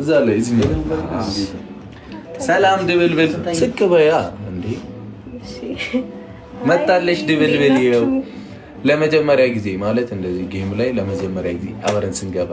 እዛ ላይ ሰላም ድብልብል ስቅ በያ እንዴ መጣለች ድብልብል ይኸው ለመጀመሪያ ጊዜ ማለት እንደዚህ ጌም ላይ ለመጀመሪያ ጊዜ አብረን ስንገባ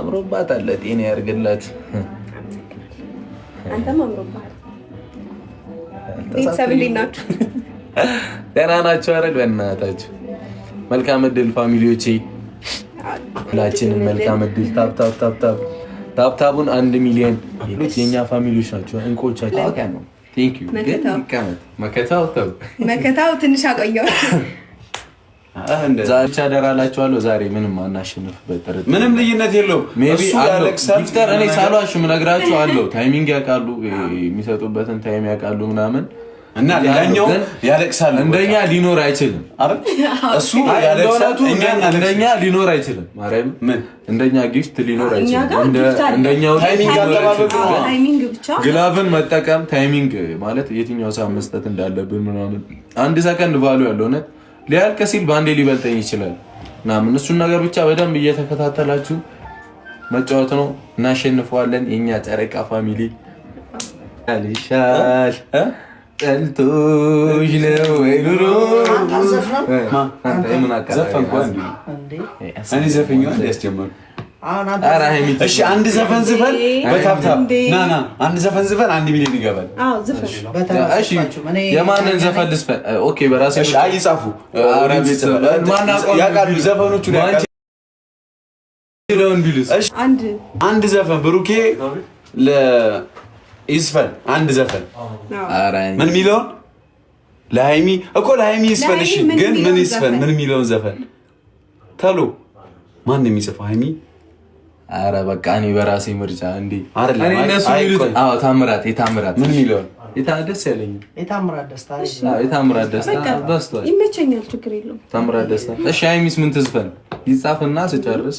አምሮባት አለ ጤና ያርግላት ቤተሰብ እንዴት ናችሁ ደህና ናችሁ በእናታችሁ መልካም እድል ፋሚሊዎቼ ሁላችንም መልካም እድል። ታብታብታብታብ ታብታቡን አንድ ሚሊዮን ሉት የእኛ ፋሚሊዎች ናቸው እንቆቻቸው። መከታው ትንሽ አቆየው። ዛቻ ደራ እላቸዋለሁ። ዛሬ ምንም አናሸንፍበት ጥርጥ ምንም ልዩነት የለውም። ይፍጠር እኔ ሳሏሽ ምነግራቸው አለው። ታይሚንግ ያውቃሉ፣ የሚሰጡበትን ታይም ያውቃሉ ምናምን እና ሌላኛው ያለቅሳል። እንደኛ ሊኖር አይችልም። እሱ ያለቅሳል። እንደኛ ሊኖር አይችልም። ማርያም ምን እንደኛ ጊፍት ሊኖር አይችልም። እንደኛው ግላቭን መጠቀም ታይሚንግ ማለት የትኛው ሰዓት መስጠት እንዳለብን ምናምን አንድ ሰከንድ ባሉ ያለሆነ ሊያልቅ ሲል በአንዴ ሊበልጠኝ ይችላል ምናምን እሱን ነገር ብቻ በደንብ እየተከታተላችሁ መጫወት ነው። እናሸንፈዋለን። የእኛ ጨረቃ ፋሚሊ ይሻል ጠልቶሽ ነው ወይ ኑሮ እኔ ዘፈኛ ያስጀመሩ እሺ አንድ ዘፈን ዝፈን በታብታብ ና ና አንድ ዘፈን ዝፈን አንድ ሚሊዮን ይገባል የማንን ዘፈን ልዝፈን ኦኬ በራሴ አይጻፉ ያውቃሉ ዘፈኖቹን አንድ ዘፈን ብሩኬ ይዝፈን አንድ ዘፈን ምን የሚለውን ለሀይሚ እኮ ለሀይሚ ይዝፈን። እሺ ግን ምን ይዝፈን? ምን የሚለውን ዘፈን ተሎ ማን ነው የሚጽፈው? ሀይሚ አረ በቃ እኔ በራሴ ምርጫ እንዴ ታምራት የታምራት ምን የሚለውን ደስ ያለኝ የታምራት ደስታ የታምራት ደስታ ይመቸኛል፣ ችግር የለውም። ታምራት ደስታ እሺ። ሀይሚስ ምን ትዝፈን? ይጻፍና ስጨርስ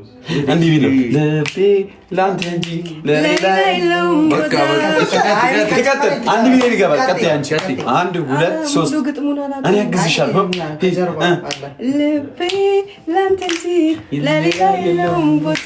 እንዲህ ቢል ነው ልቤ ለአንተ እንጂ አንድ ሚሊዮን ይገባል። ቀጥይ አንቺ። አንድ ሁለት ሶስት እኔ አግዝሻለሁ። ልቤ ለአንተ እንጂ ለሌላ የለውም ቦታ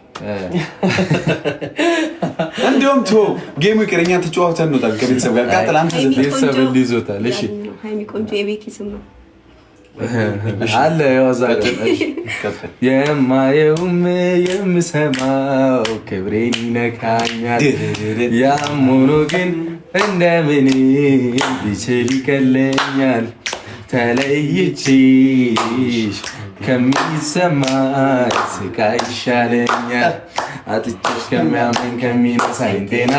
እንዲሁም ቶ ጌሙ ይቅርኛ ተጫዋተ እንወጣለን ከቤተሰብ ጋር ቀጥል። አንተ ቤተሰብ ይዞታል። እሺ ቆንጆ የቤኪ ስም ነው አለ ዋዛ የማየውም የምሰማው ክብሬን ይነካኛል። ያም ሆኖ ግን እንደምን ቢችል ይቀለኛል ተለይቼሽ ከሚሰማኝ ስቃይ ይሻለኛል አጥቼሽ ከሚያመኝ ከሚነሳኝ ጤና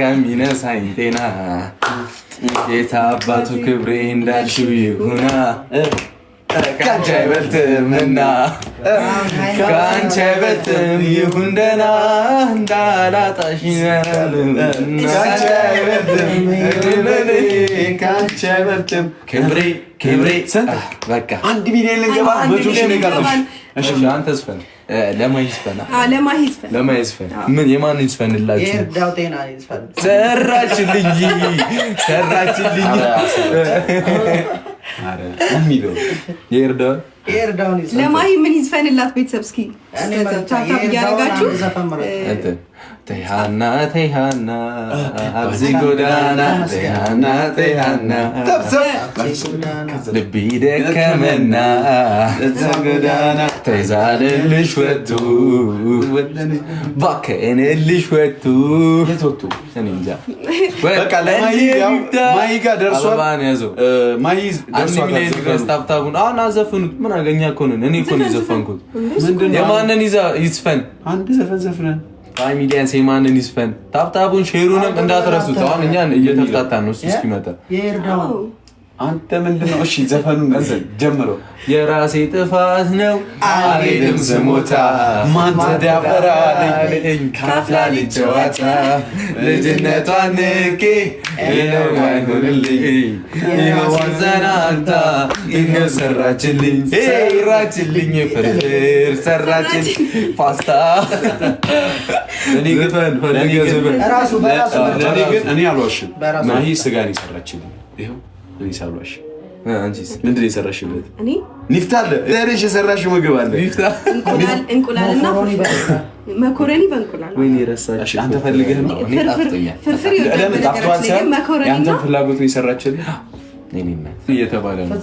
ከሚነሳኝ ጤና ጌታ አባቱ ክብሬ እንዳልሽው ይሁና ከአንቺ አይበልጥምና ከአንቺ አይበልጥም ይሁን ደህና እንዳላጣሽ ምን የማን ዝፈንላችሁ? ሰራችልኝ ሰራችልኝ ለማሂ ምን ይዝፈንላት? ቤተሰብ እስኪ ታብታብ እያደረጋችሁ ተይሃና ተይሃና አብዚ ጎዳና ተይሃና ተይሃና ልቢ ደከመና ጎዳና ተዛንልሽ ወጡ ባከንልሽ ወጡ ወጡ ማይ ጋ ደርሷል። ታብታቡን አሁን አዘፍኑት። ምን አገኛ እኮ ነን። እኔ እኮ ነው የዘፈንኩት። የማንን ይዛ ይዝፈን? አንድ ዘፈን ዘፍነን ሚዲያን ሴማንን ይስፈን። ታብታቡን ሼሩንም እንዳትረሱት። አሁን እኛን እየተፍታታን ነው እሱ እስኪመጣ አንተ ምንድን ነው? እሺ ዘፈኑን ጀምሮ የራሴ ጥፋት ነው አልሄድም ስሞታ ማን ተዳፈራልኝ ካፍላልኝ ጨዋታ ልጅነቷ ንቄ ይሆንልኝ ይሆንዘናታ ይኸው ሰራችልኝ ሰራችልኝ ፍርፍር ሰራችን ፓስታ እኔ ግን እኔ አልዋሽም ናሂ ስጋን ይሰራችልኝ ይኸው ይሳሏሽ ምንድን ነው የሰራሽበት? ኒፍታ አለ ዛሬሽ የሰራሽው ምግብ አለ። እንቁላልና መኮረኒ በእንቁላል ወይ ረሳሽ? አንተ ፈልገህ ነው ያንተን ፍላጎት የሰራችልህ እየተባለ ነው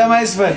ለማይስፈል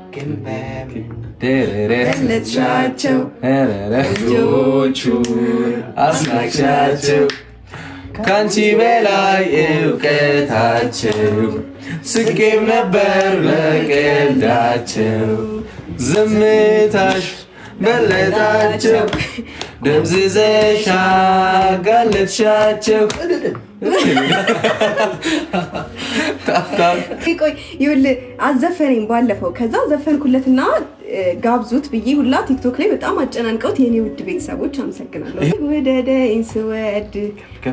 ግን በምን ገለጥሻቸው እጆቹን አስናቅሻቸው ከአንቺ በላይ እውቀታቸው ስቄም ነበር በቀልዳቸው ዝምታሽ በለጣቸው ደብዝዘሻ ጋለጥሻቸው ይኸውልህ አዘፈነኝ ባለፈው። ከዛ ዘፈንኩለትና ጋብዙት ብዬ ሁላ ቲክቶክ ላይ በጣም አጨናንቀውት። የኔ ውድ ቤተሰቦች አመሰግናለሁ። ውደደኝ ስወድ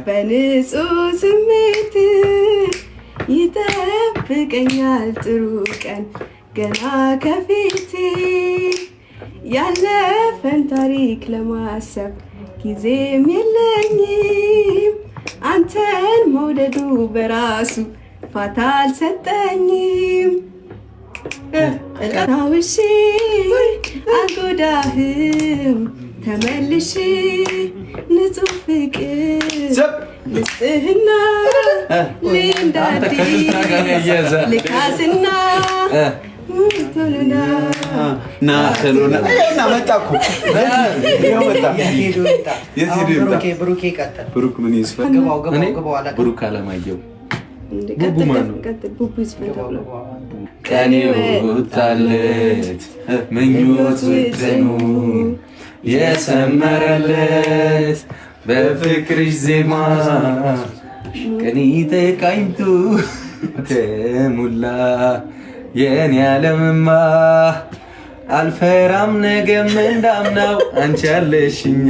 በንጹህ ስሜት ይጠብቀኛል ጥሩ ቀን ገና ከፊት ያለፈን ታሪክ ለማሰብ ጊዜም የለኝም አንተን መውደዱ በራሱ ፋታ አልሰጠኝም። ታውሽ አልጎዳህም ተመልሽ ንጹህ ፍቅር ንጽህና ልንዳዲ ልካስና ብሩክ አለማየሁ ቀኔ ወጣለት ምኞት ውጥኑ የሰመረለት በፍቅርሽ ዜማ ቀኔ ተቃኝቱ ተሙላ የኔ ዓለምማ አልፈራም ነገም እንዳምናው አንቺ አለሽኛ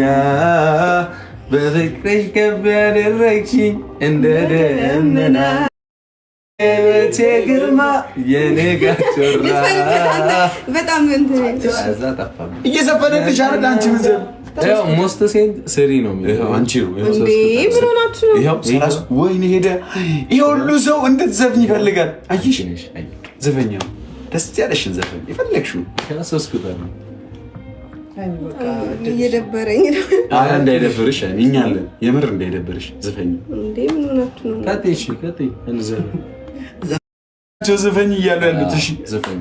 በፍቅርሽ ገብ ያደረግሽኝ እንደ ደመና የቤቴ ግርማ የኔ ጋቸራ ሞስት ሴንት ስሪ ነው ወይኔ ሄደ ይሄ ሁሉ ሰው እንድትዘፍኝ ይፈልጋል አየሽ ዘፈኛ ደስ ያለሽን ዘፈን የፈለግሽው ከሶስኩታል ነው። አይ እንዳይደብርሽ፣ እኛ አለን። የምር እንዳይደበርሽ ዘፈኝ ዘፈኝ እያለ ያሉት ዘፈኝ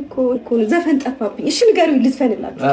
እኮ እኮ ዘፈን ጠፋብኝ። እሺ ንገሩኝ፣ ልዝፈንላችሁ